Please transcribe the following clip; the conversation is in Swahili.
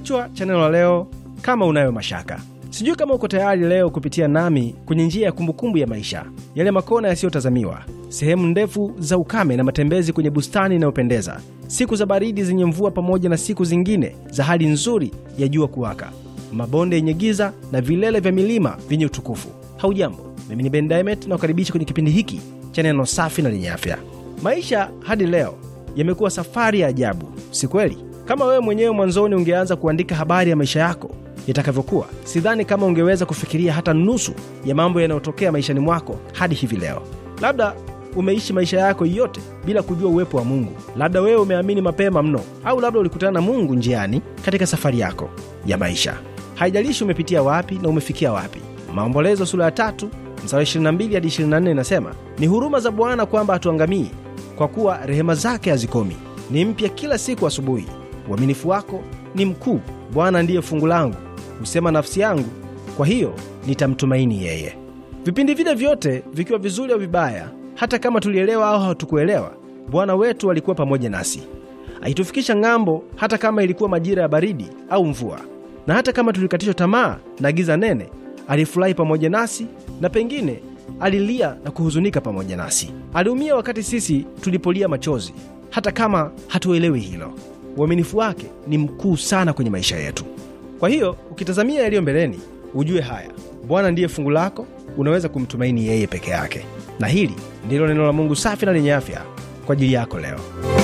Kichwa cha neno la leo, kama unayo mashaka. Sijui kama uko tayari leo kupitia nami kwenye njia ya kumbukumbu ya maisha, yale makona yasiyotazamiwa, sehemu ndefu za ukame na matembezi kwenye bustani inayopendeza, siku za baridi zenye mvua, pamoja na siku zingine za hali nzuri ya jua kuwaka, mabonde yenye giza na vilele vya milima vyenye utukufu. Haujambo, mimi ni Ben Diamond na ukaribisha kwenye kipindi hiki cha neno safi na lenye afya. Maisha hadi leo yamekuwa safari ya ajabu, si kweli? Kama wewe mwenyewe mwanzoni ungeanza kuandika habari ya maisha yako itakavyokuwa, sidhani kama ungeweza kufikiria hata nusu ya mambo yanayotokea maishani mwako hadi hivi leo. Labda umeishi maisha yako yote bila kujua uwepo wa Mungu. Labda wewe umeamini mapema mno, au labda ulikutana na Mungu njiani katika safari yako ya maisha. Haijalishi umepitia wapi na umefikia wapi. Maombolezo sura ya tatu mstari 22 hadi 24 inasema, ni huruma za Bwana kwamba hatuangamii, kwa kuwa rehema zake hazikomi, ni mpya kila siku asubuhi. Uaminifu wako ni mkuu. Bwana ndiye fungu langu, husema nafsi yangu, kwa hiyo nitamtumaini yeye. Vipindi vile vyote vikiwa vizuri au vibaya, hata kama tulielewa au hatukuelewa, Bwana wetu alikuwa pamoja nasi, aitufikisha ng'ambo, hata kama ilikuwa majira ya baridi au mvua, na hata kama tulikatishwa tamaa na giza nene, alifurahi pamoja nasi, na pengine alilia na kuhuzunika pamoja nasi. Aliumia wakati sisi tulipolia machozi, hata kama hatuelewi hilo uaminifu wake ni mkuu sana kwenye maisha yetu. Kwa hiyo ukitazamia yaliyo mbeleni, ujue haya: Bwana ndiye fungu lako, unaweza kumtumaini yeye peke yake. Na hili ndilo neno la Mungu safi na lenye afya kwa ajili yako leo.